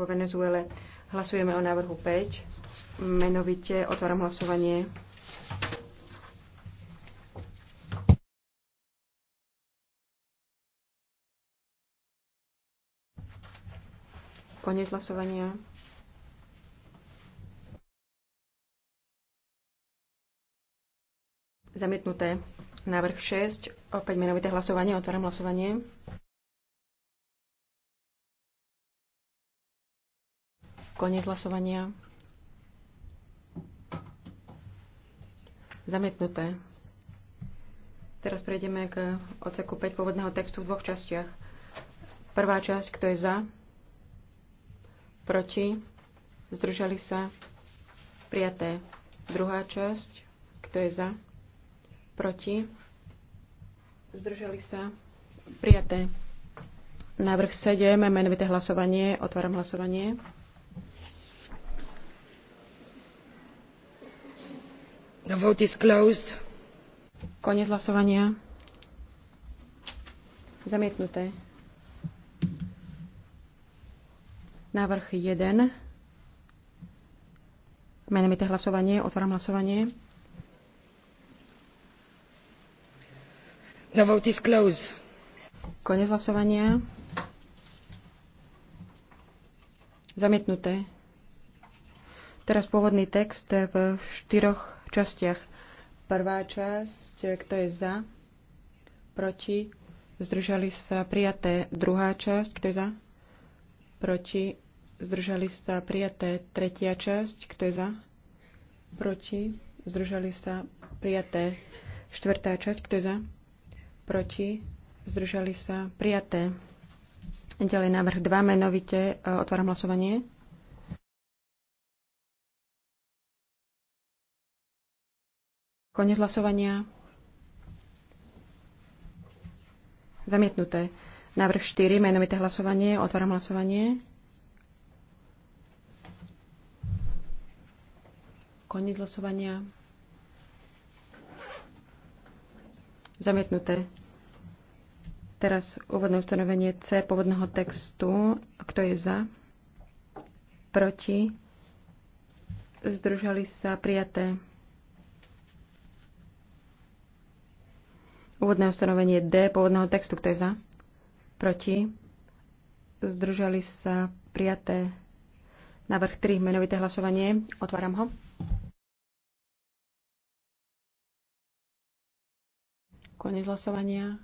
vo Venezuele. Hlasujeme o návrhu 5. Menovite otváram hlasovanie. Koniec hlasovania. Zamietnuté. Návrh 6. Opäť menovité hlasovanie. Otváram hlasovanie. Koniec hlasovania. Zametnuté. Teraz prejdeme k odseku 5 pôvodného textu v dvoch častiach. Prvá časť, kto je za, proti, zdržali sa, prijaté. Druhá časť, kto je za, proti, zdržali sa, prijaté. Návrh 7, menovité hlasovanie, otváram hlasovanie. Koniec vote is closed. Konec hlasovania. Zamietnuté. Návrh 1. Menovité hlasovanie. Otváram hlasovanie. The vote is closed. Konec hlasovania. Zamietnuté. Teraz pôvodný text v štyroch častiach. Prvá časť, kto je za, proti, zdržali sa prijaté. Druhá časť, kto je za, proti, zdržali sa prijaté. Tretia časť, kto je za, proti, zdržali sa prijaté. Štvrtá časť, kto je za, proti, zdržali sa prijaté. Ďalej návrh 2, menovite e, otváram hlasovanie. Konec hlasovania. Zamietnuté. Návrh 4, menovité hlasovanie. Otváram hlasovanie. Konec hlasovania. Zamietnuté. Teraz úvodné ustanovenie C pôvodného textu. Kto je za? Proti? Zdržali sa prijaté. Úvodné ustanovenie D pôvodného textu, kto je za? Proti? Zdržali sa prijaté návrh 3, menovité hlasovanie. Otváram ho. Konec hlasovania.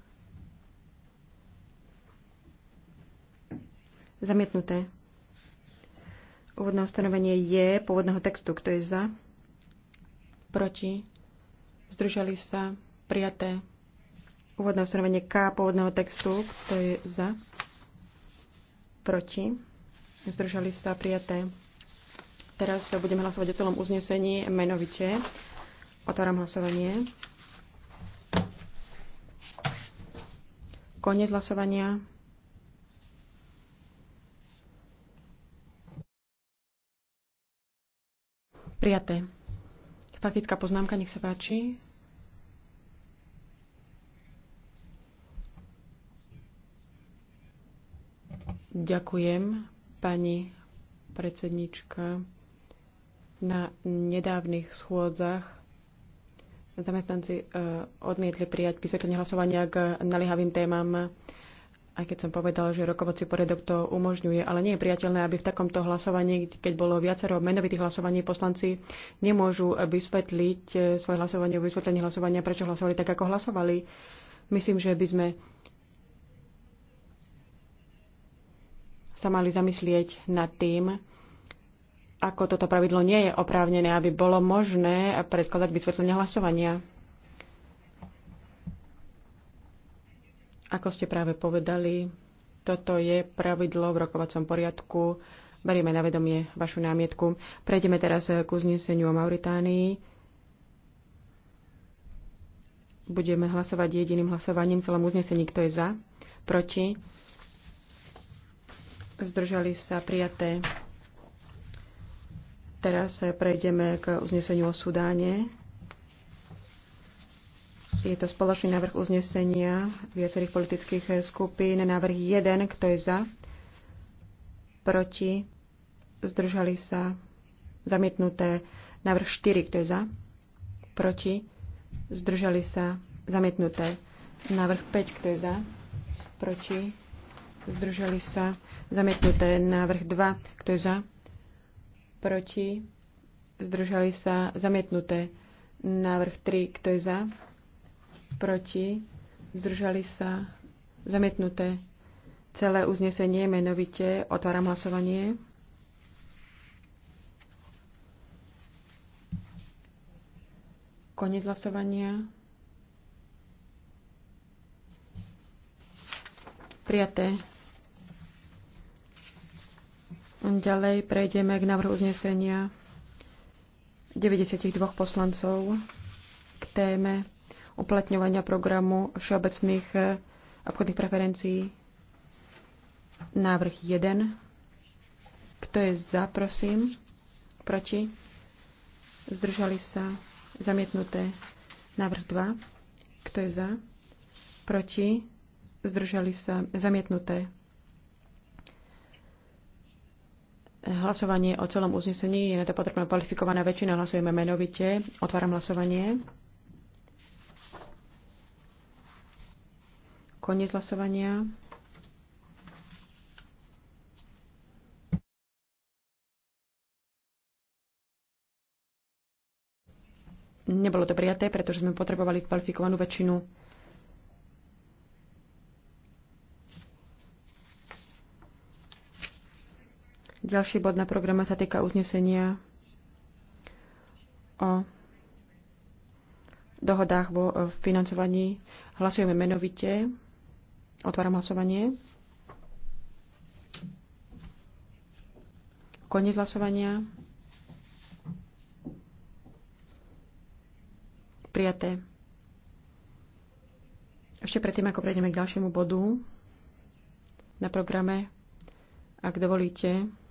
Zamietnuté. Úvodné ustanovenie je pôvodného textu. Kto je za? Proti? Zdržali sa? Prijaté? Úvodné ustanovenie K pôvodného textu. Kto je za? Proti? Zdržali sa prijaté. Teraz budeme hlasovať o celom uznesení menovite. Otváram hlasovanie. Koniec hlasovania. Prijaté. Faktická poznámka, nech sa páči. Ďakujem, pani predsednička. Na nedávnych schôdzach zamestnanci e, odmietli prijať vysvetlenie hlasovania k naliehavým témam, aj keď som povedal, že rokovací poriadok to umožňuje, ale nie je priateľné, aby v takomto hlasovaní, keď bolo viacero menovitých hlasovaní, poslanci nemôžu vysvetliť e, svoje hlasovanie, vysvetlenie hlasovania, prečo hlasovali tak, ako hlasovali. Myslím, že by sme sa mali zamyslieť nad tým, ako toto pravidlo nie je oprávnené, aby bolo možné predkladať vysvetlenie hlasovania. Ako ste práve povedali, toto je pravidlo v rokovacom poriadku. Berieme na vedomie vašu námietku. Prejdeme teraz k uzneseniu o Mauritánii. Budeme hlasovať jediným hlasovaním celom uznesení, kto je za, proti zdržali sa prijaté. Teraz prejdeme k uzneseniu o Sudáne. Je to spoločný návrh uznesenia viacerých politických skupín. Návrh 1, kto je za, proti, zdržali sa, zamietnuté. Návrh 4, kto je za, proti, zdržali sa, zamietnuté. Návrh 5, kto je za, proti, Zdržali sa. Zamietnuté návrh 2. Kto je za? Proti. Zdržali sa. Zamietnuté návrh 3. Kto je za? Proti. Zdržali sa. Zamietnuté celé uznesenie menovite. Otváram hlasovanie. Koniec hlasovania. Prijaté. Ďalej prejdeme k návrhu uznesenia 92 poslancov k téme uplatňovania programu všeobecných eh, obchodných preferencií. Návrh 1. Kto je za, prosím? Proti? Zdržali sa? Zamietnuté. Návrh 2. Kto je za? Proti? Zdržali sa? Zamietnuté. Hlasovanie o celom uznesení je na to potrebná kvalifikovaná väčšina. Hlasujeme menovite. Otváram hlasovanie. Koniec hlasovania. Nebolo to prijaté, pretože sme potrebovali kvalifikovanú väčšinu. Ďalší bod na programe sa týka uznesenia o dohodách vo financovaní. Hlasujeme menovite. Otváram hlasovanie. Koniec hlasovania. Prijaté. Ešte predtým, ako prejdeme k ďalšiemu bodu na programe, ak dovolíte,